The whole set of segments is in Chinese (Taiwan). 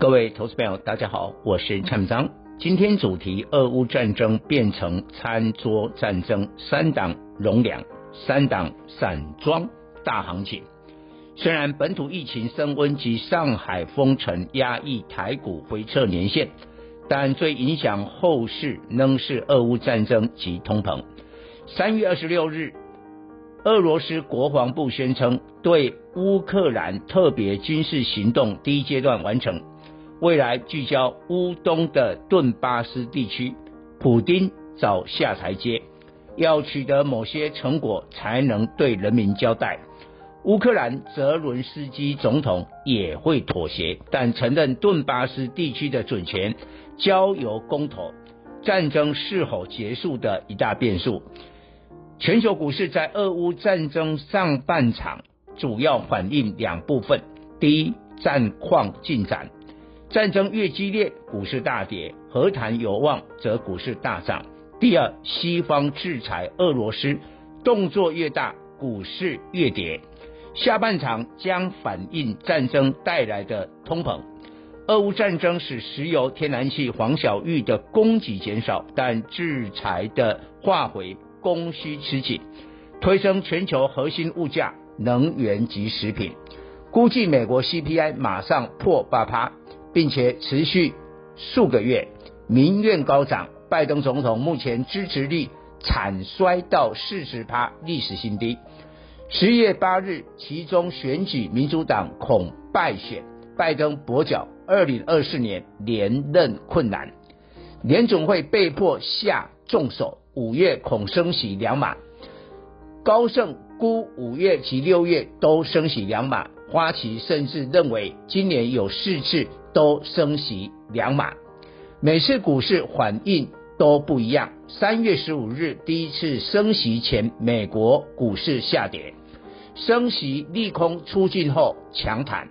各位投資朋友，大家好，我是蔡明彰。今天主題：俄烏戰爭變成餐桌戰爭，三檔農糧，三檔散裝大行情。雖然本土疫情升溫及上海封城壓抑台股回測年線，但最影響後市仍是俄烏戰爭及通膨。三月二十六日，俄羅斯國防部宣稱對烏克蘭特別軍事行動第一階段完成。未來聚焦烏東的頓巴斯地區，普丁找下台階，要取得某些成果才能對人民交代。烏克蘭澤倫斯基總統也會妥協，但承認頓巴斯地區的主權，交由公投。戰爭是否結束的一大變數。全球股市在俄烏戰爭上半場主要反映兩部分：第一，戰況進展。戰爭越激烈，股市大跌；和談有望，則股市大漲。第二，西方制裁俄羅斯，動作越大，股市越跌。下半場將反映戰爭帶來的通膨。俄烏戰爭使石油、天然氣、黃小玉的供給減少，但制裁的化肥供需吃緊，推升全球核心物價，能源及食品。估計美國 CPI 馬上破八趴。並且持續數個月，民怨高漲。拜登總統目前支持率慘衰到四十趴，歷史新低。十一月八日，期中選舉民主黨恐敗選，拜登跛腳，二零二四年連任困難。聯準會被迫下重手，五月恐升息兩碼。高盛估五月及六月都升息兩碼，花旗甚至認為今年有四次，都升息兩碼，每次股市反應都不一樣。三月十五日第一次升息前，美國股市下跌；升息利空出盡後，強彈。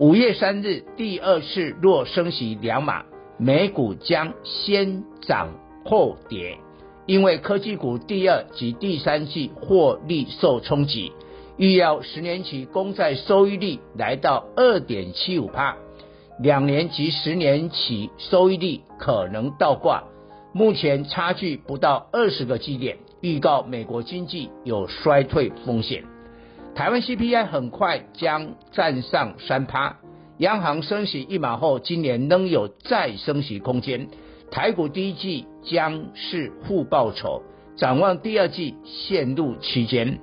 五月三日第二次若升息兩碼，美股將先漲後跌，因為科技股第二及第三季獲利受衝擊，預料十年期公債收益率來到二點七五帕。兩年及十年期收益率可能倒掛，目前差距不到二十個基點，預告美國經濟有衰退風險。台灣 CPI 很快將站上三趴，央行升息一碼後，今年仍有再升息空間。台股第一季將是負報酬，展望第二季陷入區間。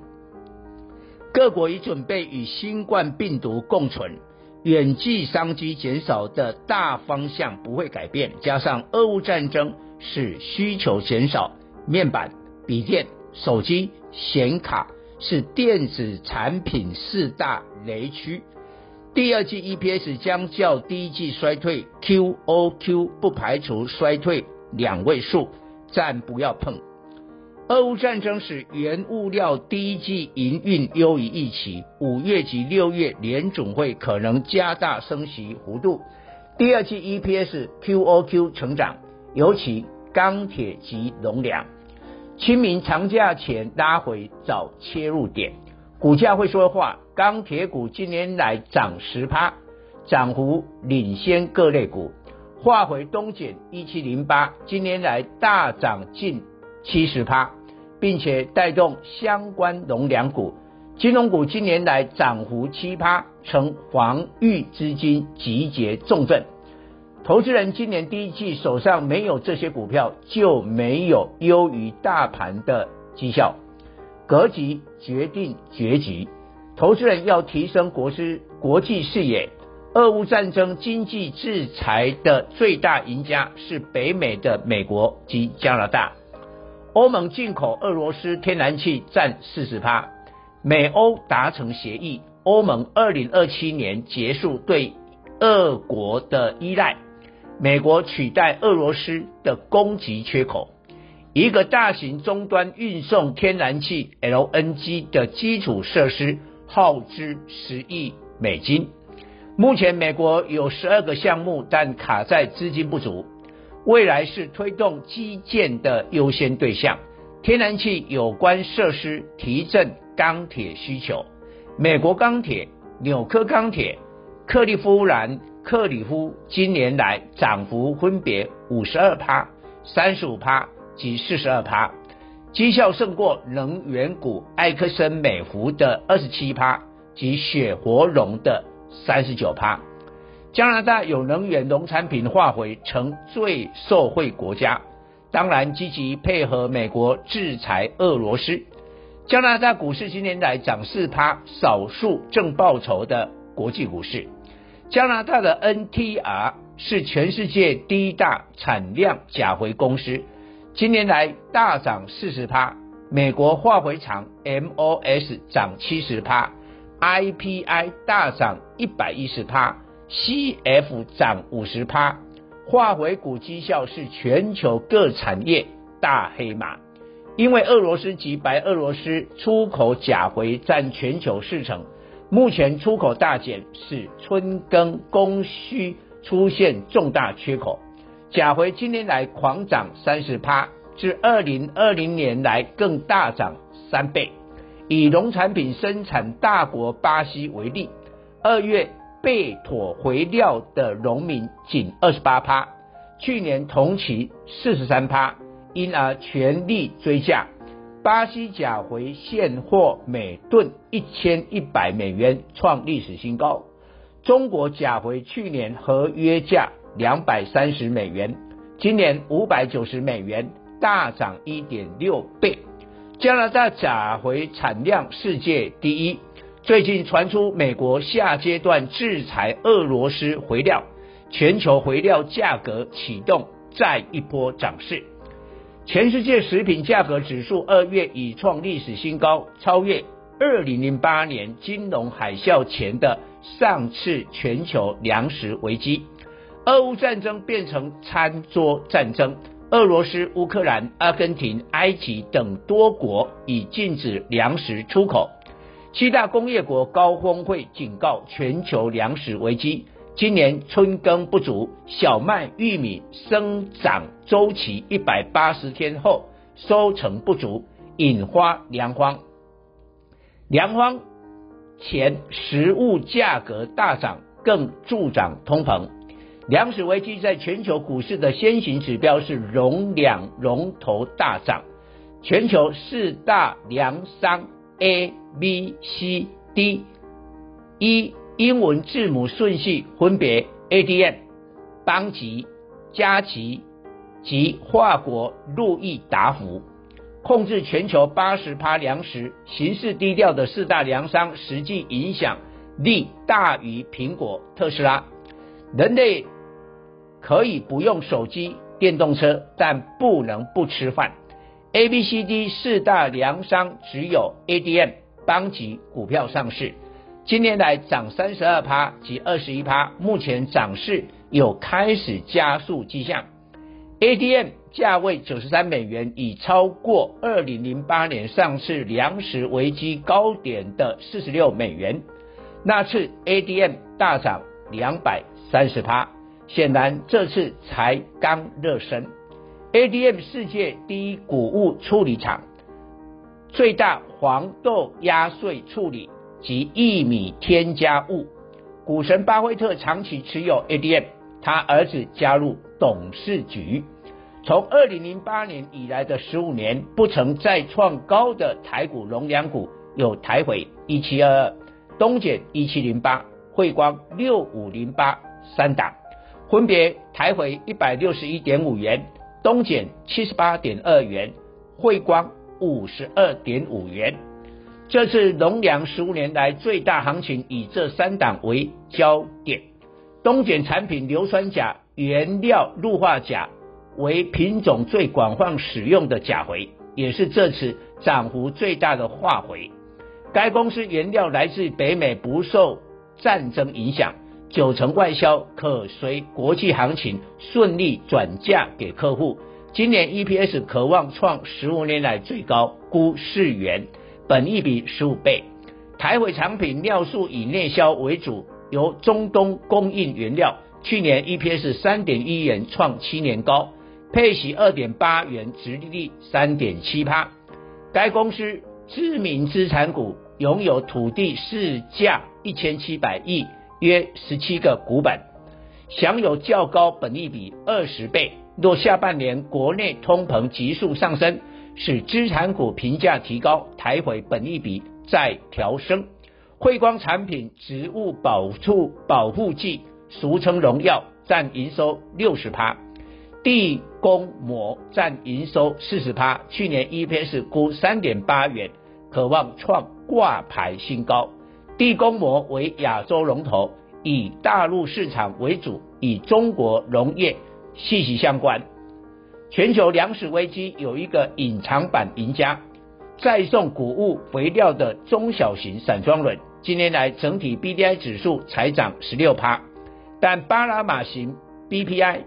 各國已準備與新冠病毒共存。遠距商機減少的大方向不會改變，加上俄烏戰爭使需求減少，面板、筆電、手機、顯卡是電子產品四大雷區。第二季 EPS 將較第一季衰退，QOQ 不排除衰退兩位數，暫不要碰。俄烏戰爭使原物料第一季營運優於預期，五月及六月聯準會可能加大升息幅度。第二季 EPS、QOQ 成長，尤其鋼鐵及農糧。清明長假前拉回找切入點，股價會說話。鋼鐵股今年來漲十趴，漲幅領先各類股。化肥東鹼一七零八，今年來大漲近。七十趴，並且帶動相關農糧股、金融股今年來漲幅七趴，呈防禦資金集結重鎮。投資人今年第一季手上沒有這些股票，就沒有優於大盤的績效。格局決定結局，投資人要提升國知國際視野。俄烏戰爭經濟制裁的最大贏家是北美的美國及加拿大。歐盟進口俄羅斯天然氣占四十趴，美歐達成協議，歐盟二零二七年結束對俄國的依賴，美國取代俄羅斯的供給缺口。一個大型終端運送天然氣 LNG 的基礎設施耗資十億美金，目前美國有十二個項目，但卡在資金不足。未來是推動基建的優先對象，天然氣有關設施提振鋼鐵需求。美國鋼鐵紐柯鋼鐵克利夫蘭克里夫今年來漲幅分別五十二帕、三十五帕及四十二帕，績效勝過能源股埃克森美孚的二十七帕及雪佛龍的三十九帕。加拿大有能源、農產品化肥成最受惠國家，當然積極配合美國制裁俄羅斯。加拿大股市今年來漲四趴，少數正報酬的國際股市。加拿大的 NTR 是全世界第一大產量鉀肥公司，今年來大漲四十趴。美國化肥廠 MOS 漲七十趴，IPI 大漲一百一十趴。C F 漲五十趴，化肥股績效是全球各產業大黑馬，因為俄羅斯及白俄羅斯出口鉀肥佔全球四成，目前出口大減，使春耕供需出現重大缺口。鉀肥今年來狂漲三十趴，至二零二零年來更大漲三倍。以農產品生產大國巴西為例，二月。被妥肥料的農民僅二十八趴，去年同期四十三趴，因而全力追價。巴西鉀肥現貨每噸一千一百美元創歷史新高。中國鉀肥去年合約價兩百三十美元，今年五百九十美元，大漲一點六倍。加拿大鉀肥產量世界第一。最近傳出美國下階段制裁俄羅斯肥料，全球肥料價格啟動再一波漲勢。全世界食品價格指數二月已創歷史新高，超越二零零八年金融海嘯前的上次全球糧食危機。俄烏戰爭變成餐桌戰爭，俄羅斯、烏克蘭、阿根廷、埃及等多國已禁止糧食出口。七大工業國高峰會警告全球糧食危機，今年春耕不足，小麥、玉米生長周期一百八十天後收成不足，引發糧荒。糧荒前，食物價格大漲，更助長通膨。糧食危機在全球股市的先行指標是農糧龍頭大漲，全球四大糧商。A B C D、E，英文字母順序分別：ADM、邦吉、嘉吉及跨國路易達孚控制全球八十趴糧食，行事低調的四大糧商實際影響力大於蘋果、特斯拉。人類可以不用手機、電動車，但不能不吃飯。A、B、C、D 四大糧商只有 ADM 邦吉股票上市，今年來漲三十二趴及二十一趴，目前漲勢有開始加速跡象。ADM 價位九十三美元，已超過二零零八年上次糧食危機高點的四十六美元，那次 ADM 大漲兩百三十趴，顯然這次才剛熱身。ADM 世界第一穀物處理廠，最大黃豆壓碎處理及玉米添加物。股神巴菲特長期持有 ADM，他兒子加入董事局。從二零零八年以來的十五年，不曾再創高的台股農糧股有台肥一七二二、東鹼一七零八、惠光六五零八三檔，分別抬回一百六十一點五元，東鹼七十八點二元，匯光五十二點五元，這次農糧十五年來最大行情，以這三檔為焦點。東鹼產品硫酸鉀原料氯化鉀為品種最廣泛使用的鉀肥，也是這次漲幅最大的化肥。該公司原料來自北美，不受戰爭影響。九成外銷可隨國際行情順利轉嫁給客戶。今年 EPS 可望創十五年來最高，估四元，本益比十五倍。台肥產品尿素以內銷為主，由中東供應原料。去年 EPS 三點一元，創七年高，配息二點八元，殖利率三點七趴。該公司知名資產股，擁有土地市價一千七百億。約十七個股本，享有較高本益比二十倍。若下半年國內通膨急速上升，使資產股評價提高，抬回本益比再調升。惠光產品植物保護保護劑，俗稱農藥，占營收六十趴，地工膜占營收四十趴。去年 EPS 估三點八元，可望創掛牌新高。地工膜為亞洲龍頭，以大陸市場為主，與中國農業息息相關。全球糧食危機有一個隱藏版贏家，再送穀物肥料的中小型散裝輪。今年來整體 BDI 指數才漲十六趴，但巴拿馬型 BPI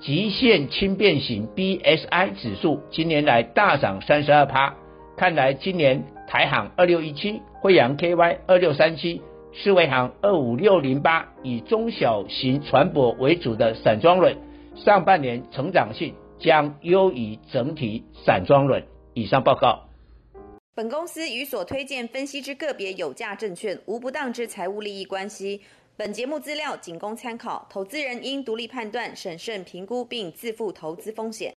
極限輕便型 BSI 指數今年來大漲三十二趴。看來今年台航二六一七、慧洋 KY 二六三七、四維航二五六零八，以中小型船舶為主的散裝輪，上半年成長性將優於整體散裝輪。以上報告。本公司與所推薦分析之個別有價證券無不當之財務利益關係。本節目資料僅供參考，投資人應獨立判斷、審慎評估並自負投資風險。